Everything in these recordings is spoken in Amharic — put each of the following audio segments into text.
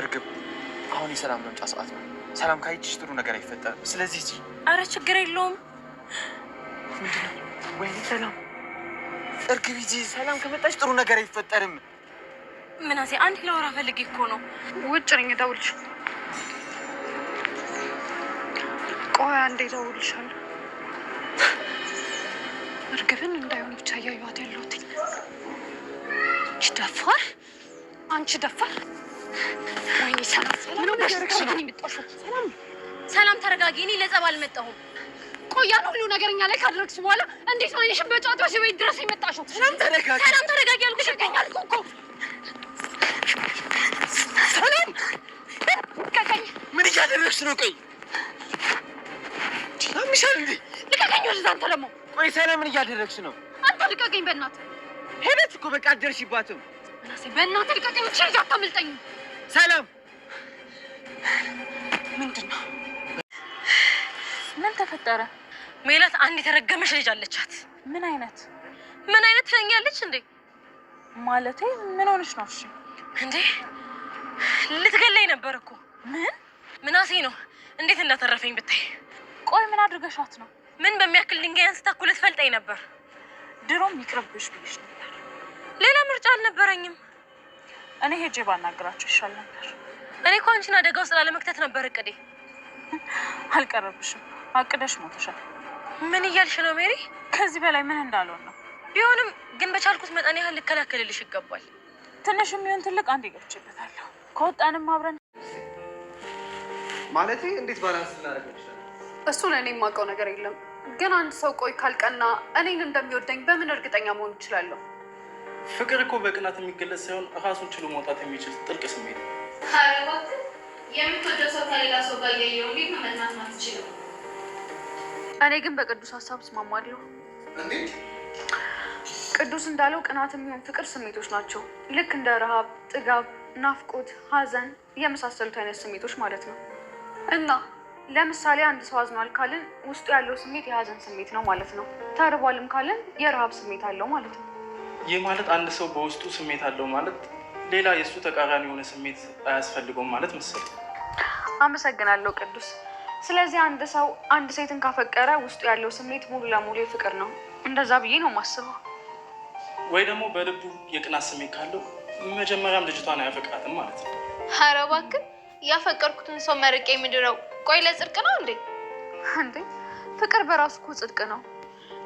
እርግብ፣ አሁን የሰላም መምጫ ሰዓት ነው። ሰላም ካይችሽ ጥሩ ነገር አይፈጠርም። ስለዚህ አረ ችግር የለውም። ወይኔ ሰላም፣ እርግብ ይጂ ሰላም ከመጣች ጥሩ ነገር አይፈጠርም። ምናሴ፣ አንድ ለወራ ፈልጌ እኮ ነው። ውጭ ነኝ፣ እደውልልሽ። ቆይ አንዴ እደውልልሻለሁ። እርግብን እንዳይሆን ብቻ እያየኋት ያለሁት አንቺ ደፋር፣ አንቺ ደፋር ሰላም ተረጋጊ። እኔ ለጸብ አልመጣሁም። ቆያ ሁሉ ነገር እኛ ላይ ካደረግሽ በኋላ እንዴት ነው አይንሽን በጫቶሽ ቤት ድረስ የመጣሽው? ሰላም ተረጋጊ፣ ሰላም ተረጋጊ አልኩሽ እኮ። ሰላም ልቀቀኝ። ምን እያደረግሽ ነው? ቆይ ሚሻል እንዴ ልቀቀኝ። ወደ አንተ ደግሞ ቆይ፣ ሰላም ምን እያደረግሽ ነው? አንተ ልቀቀኝ በእናትህ። እኮ በቃ በእናትህ ልቀቀኝ። ሰላም ምንድን ነው? ምን ተፈጠረ? ሜላት አንድ የተረገመች ልጅ አለቻት። ምን አይነት ምን አይነት ትለኛለች እንዴ? ማለቴ ምን ሆነች ነው? እሺ እንዴ ልትገለኝ ነበር እኮ። ምን ምናሴ ነው እንዴት እንዳተረፈኝ ብታይ። ቆይ ምን አድርገሻት ነው? ምን በሚያክል ድንጋይ አንስታ እኮ ልትፈልጠኝ ነበር። ድሮም ይቅርብሽ ብዬሽ ነበር። ሌላ ምርጫ አልነበረኝም። እኔ ሄጄ ባናግራቸው ይሻል ነበር። እኔ እኮ አንቺን አደጋ ውስጥ ላለመክተት ነበር እቅዴ። አልቀረብሽም። አቅደሽ ሞተሻል። ምን እያልሽ ነው ሜሪ? ከዚህ በላይ ምን እንዳልሆን ነው። ቢሆንም ግን በቻልኩት መጠን ያህል ልከላከልልሽ ይገባል። ትንሽ የሚሆን ትልቅ አንድ ይገብችበታለሁ። ከወጣንም አብረን ማለት እንዴት ባላንስ ልናደርግ እሱን እኔ የማውቀው ነገር የለም። ግን አንድ ሰው ቆይ ካልቀና እኔን እንደሚወደኝ በምን እርግጠኛ መሆን እችላለሁ? ፍቅር እኮ በቅናት የሚገለጽ ሳይሆን ራሱን ችሎ መውጣት የሚችል ጥልቅ ስሜት ነው። የምትወደው ሰው ከሌላ ሰው ጋር እያየሁ እንዴት ነው መዝናት ማትችለው? እኔ ግን በቅዱስ ሀሳብ እስማማለሁ። እንዴት? ቅዱስ እንዳለው ቅናት የሚሆን ፍቅር ስሜቶች ናቸው። ልክ እንደ ረሃብ፣ ጥጋብ፣ ናፍቆት፣ ሀዘን የመሳሰሉት አይነት ስሜቶች ማለት ነው። እና ለምሳሌ አንድ ሰው አዝኗል ካልን ውስጡ ያለው ስሜት የሀዘን ስሜት ነው ማለት ነው። ተርቧልም ካልን የረሃብ ስሜት አለው ማለት ነው። ይህ ማለት አንድ ሰው በውስጡ ስሜት አለው ማለት ሌላ የእሱ ተቃራኒ የሆነ ስሜት አያስፈልገውም ማለት መሰለኝ። አመሰግናለሁ ቅዱስ። ስለዚህ አንድ ሰው አንድ ሴትን ካፈቀረ ውስጡ ያለው ስሜት ሙሉ ለሙሉ የፍቅር ነው። እንደዛ ብዬ ነው የማስበው። ወይ ደግሞ በልቡ የቅናት ስሜት ካለው መጀመሪያም ልጅቷን አያፈቅራትም ማለት ነው። ኧረ እባክህ ያፈቀርኩትን ሰው መርቄ የሚድረው ቆይ ለጽድቅ ነው እንዴ? እንዴ ፍቅር በራሱ እኮ ጽድቅ ነው።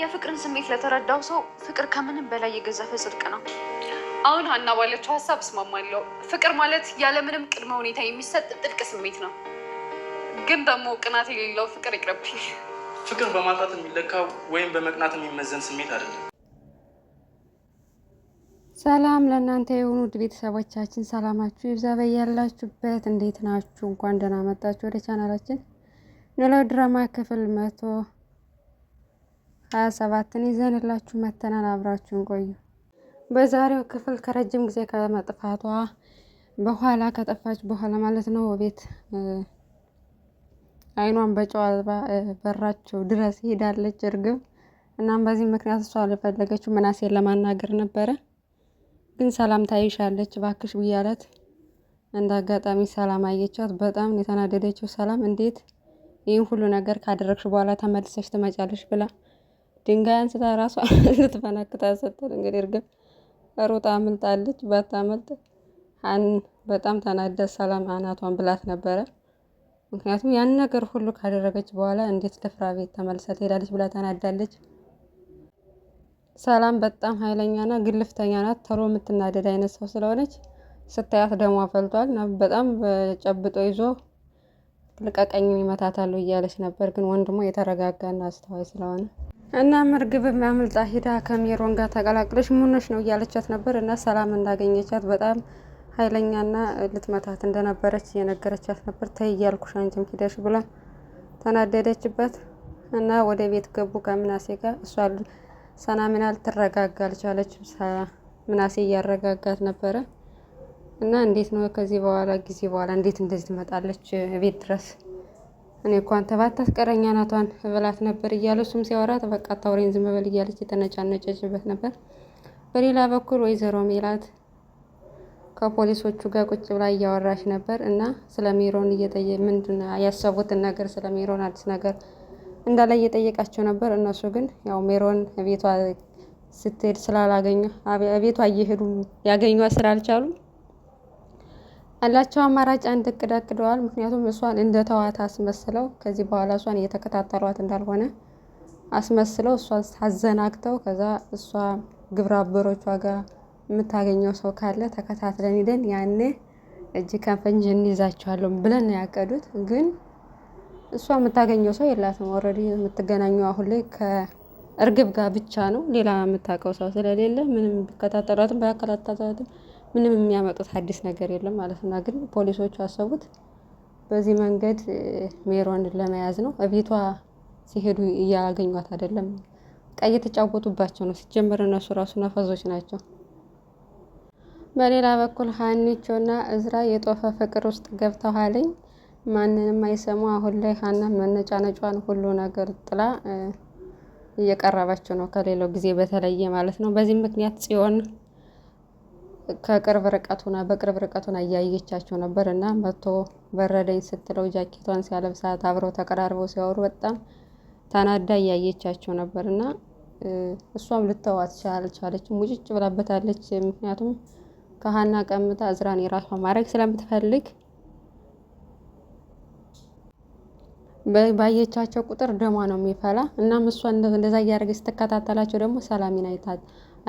የፍቅርን ስሜት ለተረዳው ሰው ፍቅር ከምንም በላይ የገዘፈ ጽድቅ ነው። አሁን ሀና ባለችው ሀሳብ እስማማለሁ። ፍቅር ማለት ያለምንም ቅድመ ሁኔታ የሚሰጥ ጥልቅ ስሜት ነው። ግን ደግሞ ቅናት የሌለው ፍቅር ይቅረብኝ። ፍቅር በማጣት የሚለካ ወይም በመቅናት የሚመዘን ስሜት አይደለም። ሰላም ለእናንተ የሆኑ ውድ ቤተሰቦቻችን ሰላማችሁ ይብዛ በያላችሁበት። እንዴት ናችሁ? እንኳን ደህና መጣችሁ ወደ ቻናላችን ኖላዊ ድራማ ክፍል መቶ ሀያ ሰባትን ይዘንላችሁ መተናል። አብራችሁን ቆዩ። በዛሬው ክፍል ከረጅም ጊዜ ከመጥፋቷ በኋላ ከጠፋች በኋላ ማለት ነው ቤት አይኗን በጨዋባ በራቸው ድረስ ሄዳለች እርግብ። እናም በዚህ ምክንያት እሷ አልፈለገችው ምናሴን ለማናገር ነበረ፣ ግን ሰላም ታይሻለች ባክሽ ብያለት እንደ አጋጣሚ ሰላም አየቻት። በጣም የተናደደችው ሰላም እንዴት ይህን ሁሉ ነገር ካደረግሽ በኋላ ተመልሰሽ ትመጫለሽ ብላ ድንጋይ አንስታ ራሷ ልትፈነክታ ስትል እንግዲህ እርግብ ሩጣ አምልጣለች። ባታመልጥ አን በጣም ተናዳ ሰላም አናቷን ብላት ነበረ። ምክንያቱም ያን ነገር ሁሉ ካደረገች በኋላ እንዴት ደፍራ ቤት ተመልሳ ትሄዳለች ብላ ተናዳለች። ሰላም በጣም ኃይለኛና ግልፍተኛ ናት። ቶሎ የምትናደድ አይነት ሰው ስለሆነች ስታያት ደሞ ፈልቷል። በጣም ጨብጦ ይዞ ልቀቀኝን ይመታታሉ እያለች ነበር። ግን ወንድሟ የተረጋጋና አስተዋይ ስለሆነ እና ምርግብ አምልጣ ሂዳ ከሜሮን ጋር ተቀላቅለሽ ሙኖች ነው እያለቻት ነበር እና ሰላም እንዳገኘቻት በጣም ኃይለኛና ልትመታት እንደነበረች እየነገረቻት ነበር። ተይ እያልኩሽ አንቺም ሂደሽ ብላ ተናደደችበት እና ወደ ቤት ገቡ ከምናሴ ጋር እሷ ምን ልትረጋጋ አልቻለችም። ምናሴ እያረጋጋት ነበረ እና እንዴት ነው ከዚህ በኋላ ጊዜ በኋላ እንዴት እንደዚህ ትመጣለች ቤት ድረስ እኔ እኮ አንተ ባታስቀረኝ ናቷን እበላት ነበር እያለ እሱም ሲያወራት በቃ አታውሪኝ ዝም በል እያለች የተነጫነጨችበት ነበር። በሌላ በኩል ወይዘሮ ሜላት ከፖሊሶቹ ጋር ቁጭ ብላ እያወራች ነበር እና ስለ ሚሮን እየጠየ ምንድን ያሰቡትን ነገር ስለ ሚሮን አዲስ ነገር እንዳለ እየጠየቃቸው ነበር። እነሱ ግን ያው ሜሮን ቤቷ ስትሄድ ስላላገኙ ቤቷ እየሄዱ ያገኟ ስላልቻሉ ያላቸው አማራጭ አንድ እቅድ አቅደዋል። ምክንያቱም እሷን እንደ ተዋት አስመስለው ከዚህ በኋላ እሷን እየተከታተሏት እንዳልሆነ አስመስለው እሷን አዘናግተው ከዛ እሷ ግብረ አበሮቿ ጋር የምታገኘው ሰው ካለ ተከታትለን ሂደን ያኔ እጅ ከፍንጅ እንይዛቸዋለን ብለን ያቀዱት። ግን እሷ የምታገኘው ሰው የላትም። ኦልሬዲ የምትገናኘው አሁን ላይ ከእርግብ ጋር ብቻ ነው። ሌላ የምታውቀው ሰው ስለሌለ ምንም ቢከታተሏትም ባያከታተሏትም ምንም የሚያመጡት አዲስ ነገር የለም ማለት ነው። ግን ፖሊሶቹ አሰቡት በዚህ መንገድ ሜሮን ለመያዝ ነው። እቤቷ ሲሄዱ እያገኟት አይደለም፣ ቀይ የተጫወቱባቸው ነው። ሲጀመር እነሱ ራሱ ነፈዞች ናቸው። በሌላ በኩል ሀኒቾና እዝራ የጦፈ ፍቅር ውስጥ ገብተኋለኝ ማንንም አይሰሙ። አሁን ላይ ሀና መነጫነጯን ሁሉ ነገር ጥላ እየቀረበችው ነው፣ ከሌላው ጊዜ በተለየ ማለት ነው። በዚህም ምክንያት ጽዮን ከቅርብ ርቀት ሆና በቅርብ ርቀት ሆና እያየቻቸው ነበር እና መቶ በረደኝ ስትለው ጃኬቷን ሲያለብሳት አብረው ተቀራርበው ሲያወሩ በጣም ታናዳ እያየቻቸው ነበር እና እሷም ልተዋት አልቻለችም። ውጭጭ ብላበታለች። ምክንያቱም ከሀና ቀምታ እዝራን የራሷ ማድረግ ስለምትፈልግ ባየቻቸው ቁጥር ደሟ ነው የሚፈላ። እናም እሷ እንደዛ እያደረገ ስትከታተላቸው ደግሞ ሰላሚን አይታት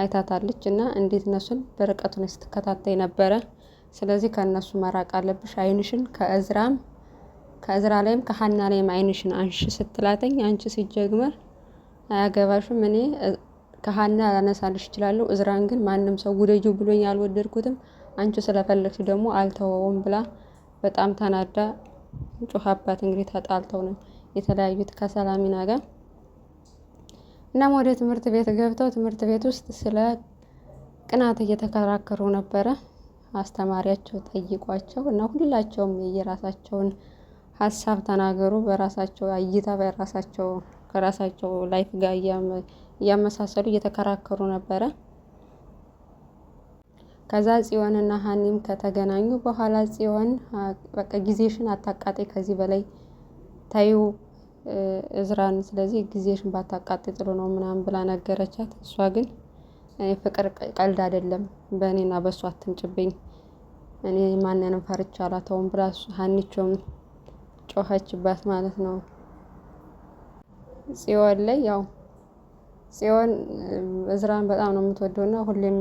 አይታታለች እና እንዴት እነሱን በርቀት ነው ስትከታተይ ነበረ። ስለዚህ ከእነሱ መራቅ አለብሽ። አይንሽን ከእዝራም ከእዝራ ላይም ከሀና ላይም አይንሽን አንሽ ስትላተኝ አንቺ ሲጀግመር አያገባሽም። እኔ ከሀና ላነሳልሽ እችላለሁ። እዝራን ግን ማንም ሰው ውደጂው ብሎኝ አልወደድኩትም። አንቺ ስለፈለግሽ ደግሞ አልተወውም ብላ በጣም ተናዳ ጮኻባት። እንግዲህ ተጣልተው ነው የተለያዩት ከሰላሚና ጋር እናም ወደ ትምህርት ቤት ገብተው ትምህርት ቤት ውስጥ ስለ ቅናት እየተከራከሩ ነበረ። አስተማሪያቸው ጠይቋቸው እና ሁላቸውም የራሳቸውን ሀሳብ ተናገሩ። በራሳቸው እይታ በራሳቸው ከራሳቸው ላይፍ ጋር እያመሳሰሉ እየተከራከሩ ነበረ። ከዛ ጽዮንና ሀኒም ከተገናኙ በኋላ ጽዮን በቃ ጊዜሽን አታቃጤ ከዚህ በላይ ታዩ እዝራን ስለዚህ ጊዜሽን ባታቃጥይ ጥሩ ነው ምናምን ብላ ነገረቻት። እሷ ግን ፍቅር ቀልድ አይደለም፣ በእኔና በእሷ አትምጭብኝ፣ እኔ ማንንም ፈርቻ አላተውም ብላ ሀኒቾም ጮኸችባት ማለት ነው። ጽዮን ላይ ያው ጽዮን እዝራን በጣም ነው የምትወደው እና ሁሌም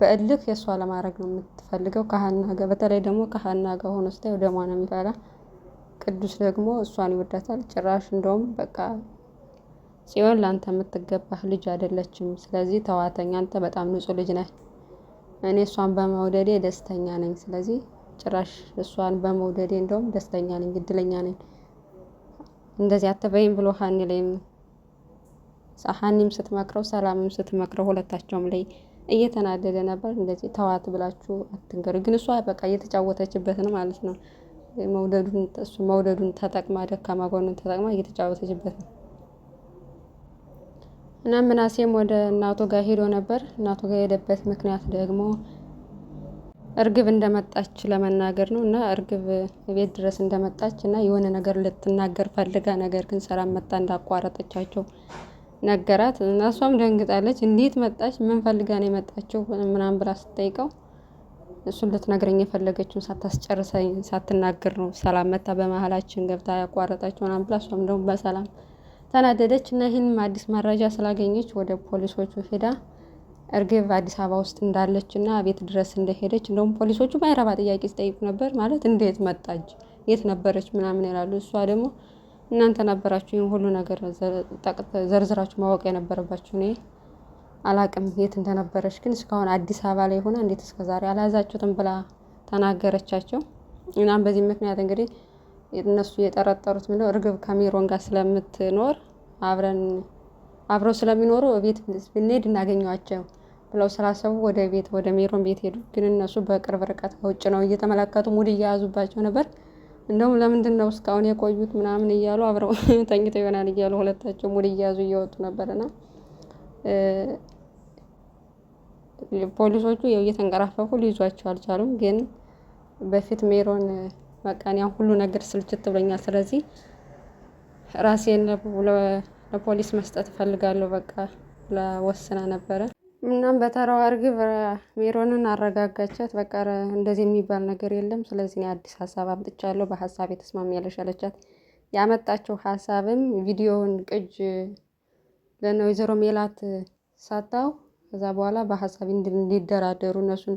በእልክ የእሷ ለማድረግ ነው የምትፈልገው። ከሀና ጋር በተለይ ደግሞ ከሀና ጋር ሆኖ ስታይ ደሟ ነው የሚፈላ ቅዱስ ደግሞ እሷን ይወዳታል። ጭራሽ እንደውም በቃ ጽዮን ለአንተ የምትገባህ ልጅ አይደለችም፣ ስለዚህ ተዋተኝ፣ አንተ በጣም ንጹሕ ልጅ ነህ፣ እኔ እሷን በመውደዴ ደስተኛ ነኝ። ስለዚህ ጭራሽ እሷን በመውደዴ እንደውም ደስተኛ ነኝ፣ እድለኛ ነኝ፣ እንደዚህ አትበይም ብሎ ሀኒ ላይም ሀኒም ስትመክረው ሰላምም ስትመክረው ሁለታቸውም ላይ እየተናደደ ነበር። እንደዚህ ተዋት ብላችሁ አትንገሩ። ግን እሷ በቃ እየተጫወተችበት ነው ማለት ነው። መውደዱን እሱ መውደዱን ተጠቅማ ደካማ ጎኑን ተጠቅማ እየተጫወተችበት ነው። እና ምናሴም ወደ እናቱ ጋር ሄዶ ነበር። እናቱ ጋር የሄደበት ምክንያት ደግሞ እርግብ እንደመጣች ለመናገር ነው። እና እርግብ ቤት ድረስ እንደመጣች እና የሆነ ነገር ልትናገር ፈልጋ ነገር ግን ስራ መጣ እንዳቋረጠቻቸው ነገራት። እና እሷም ደንግጣለች። እንዴት መጣች? ምን ፈልጋ ነው የመጣችው? ምናምን ብላ ስትጠይቀው እሱን ልትነግረኝ የፈለገችውን ሳታስጨርሰኝ ሳትናገር ነው ሰላም መታ በመሀላችን ገብታ ያቋረጠችው ምናምን ብላ እሷም ደግሞ በሰላም ተናደደች እና ይህንም አዲስ መረጃ ስላገኘች ወደ ፖሊሶቹ ሄዳ እርግብ አዲስ አበባ ውስጥ እንዳለች እና ቤት ድረስ እንደሄደች እንደውም ፖሊሶቹ ማይረባ ጥያቄ ሲጠይቁ ነበር። ማለት እንዴት መጣች፣ የት ነበረች ምናምን ይላሉ። እሷ ደግሞ እናንተ ነበራችሁ ይህን ሁሉ ነገር ዘርዝራችሁ ማወቅ የነበረባችሁ እኔ አላቅም የት እንደነበረች ግን እስካሁን አዲስ አበባ ላይ ሆና እንዴት እስከዛሬ አልያዛችሁትም ብላ ተናገረቻቸው። እናም በዚህ ምክንያት እንግዲህ እነሱ የጠረጠሩት ምንድን ነው እርግብ ከሜሮን ጋር ስለምትኖር አብረን አብረው ስለሚኖሩ ቤት ብንሄድ እናገኘዋቸው ብለው ስላሰቡ ወደ ቤት ወደ ሜሮን ቤት ሄዱ። ግን እነሱ በቅርብ ርቀት ከውጭ ነው እየተመለከቱ ሙድ እየያዙባቸው ነበር። እንደውም ለምንድን ነው እስካሁን የቆዩት ምናምን እያሉ አብረው ተኝተው ይሆናል እያሉ ሁለታቸው ሙድ እየያዙ እየወጡ ነበርና ፖሊሶቹ ያው እየተንቀራፈፉ ሊይዟቸው አልቻሉም። ግን በፊት ሜሮን መቃኒያ ሁሉ ነገር ስልችት ብሎኛል፣ ስለዚህ ራሴን ለፖሊስ መስጠት እፈልጋለሁ በቃ ለወስና ነበረ። እናም በተራው እርግብ ሜሮንን አረጋጋቻት። በቃ እንደዚህ የሚባል ነገር የለም፣ ስለዚህ እኔ አዲስ ሀሳብ አምጥቻለሁ፣ በሀሳብ የተስማሚ ያለሻለቻት ያመጣችው ሀሳብም ቪዲዮውን ቅጅ ወይዘሮ ሜላት ሳታው ከዛ በኋላ በሀሳብ እንዲደራደሩ እነሱን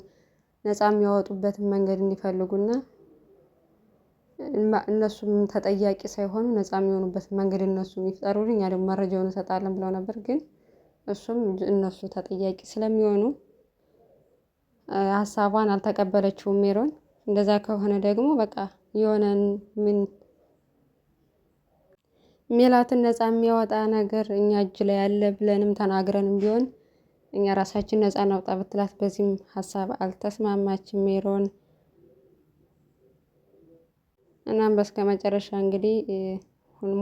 ነፃ የሚያወጡበትን መንገድ እንዲፈልጉና እነሱም ተጠያቂ ሳይሆኑ ነፃ የሚሆኑበትን መንገድ እነሱ ይፍጠሩልኝ እኛ ደግሞ መረጃውን እሰጣለን ብለው ነበር። ግን እሱም እነሱ ተጠያቂ ስለሚሆኑ ሀሳቧን አልተቀበለችውም ሜሮን። እንደዛ ከሆነ ደግሞ በቃ የሆነን ምን ሜላትን ነፃ የሚያወጣ ነገር እኛ እጅ ላይ አለ ብለንም ተናግረንም ቢሆን እኛ ራሳችን ነፃ እናውጣ ብትላት በዚህም ሀሳብ አልተስማማችም ሜሮን። እናም በስከ መጨረሻ እንግዲህ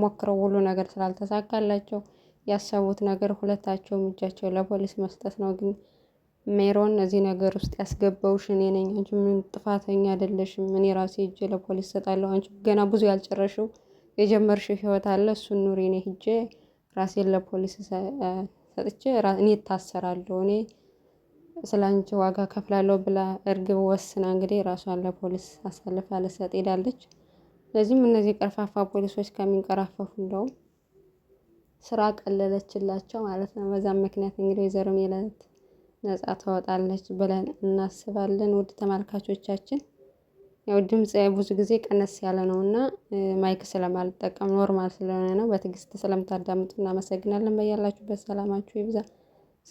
ሞክረው ሁሉ ነገር ስላልተሳካላቸው ያሰቡት ነገር ሁለታቸውም እጃቸው ለፖሊስ መስጠት ነው። ግን ሜሮን እዚህ ነገር ውስጥ ያስገባውሽ እኔ ነኝ፣ አንቺ ምን ጥፋተኛ አይደለሽም፣ እኔ ራሴ እጄ ለፖሊስ ሰጣለሁ፣ አንቺ ገና ብዙ ያልጨረሽው የጀመርሽው ህይወት አለ እሱን ኑሪ፣ እኔ ሂጄ ራሴን ለፖሊስ ሰጥቼ እኔ እታሰራለሁ፣ እኔ አንቺ ዋጋ ከፍላለሁ ብላ እርግብ ወስና እንግዲህ ራሷን ለፖሊስ አሳልፋ ልሰጥ ሄዳለች። ስለዚህም እነዚህ ቀርፋፋ ፖሊሶች ከሚንቀራፈፉ እንደውም ስራ ቀለለችላቸው ማለት ነው። በዛም ምክንያት እንግዲህ ወይዘሮ ሜላት ነጻ ታወጣለች ብለን እናስባለን። ውድ ተመልካቾቻችን ያው ድምፅ ብዙ ጊዜ ቀነስ ያለ ነው እና ማይክ ስለማልጠቀም ኖርማል ስለሆነ ነው። በትዕግስት ስለምታዳምጡ እናመሰግናለን። በያላችሁበት ሰላማችሁ ይብዛ።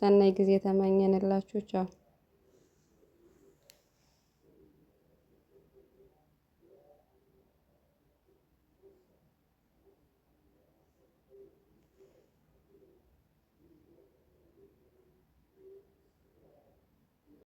ሰናይ ጊዜ ተመኘንላችሁ ቻው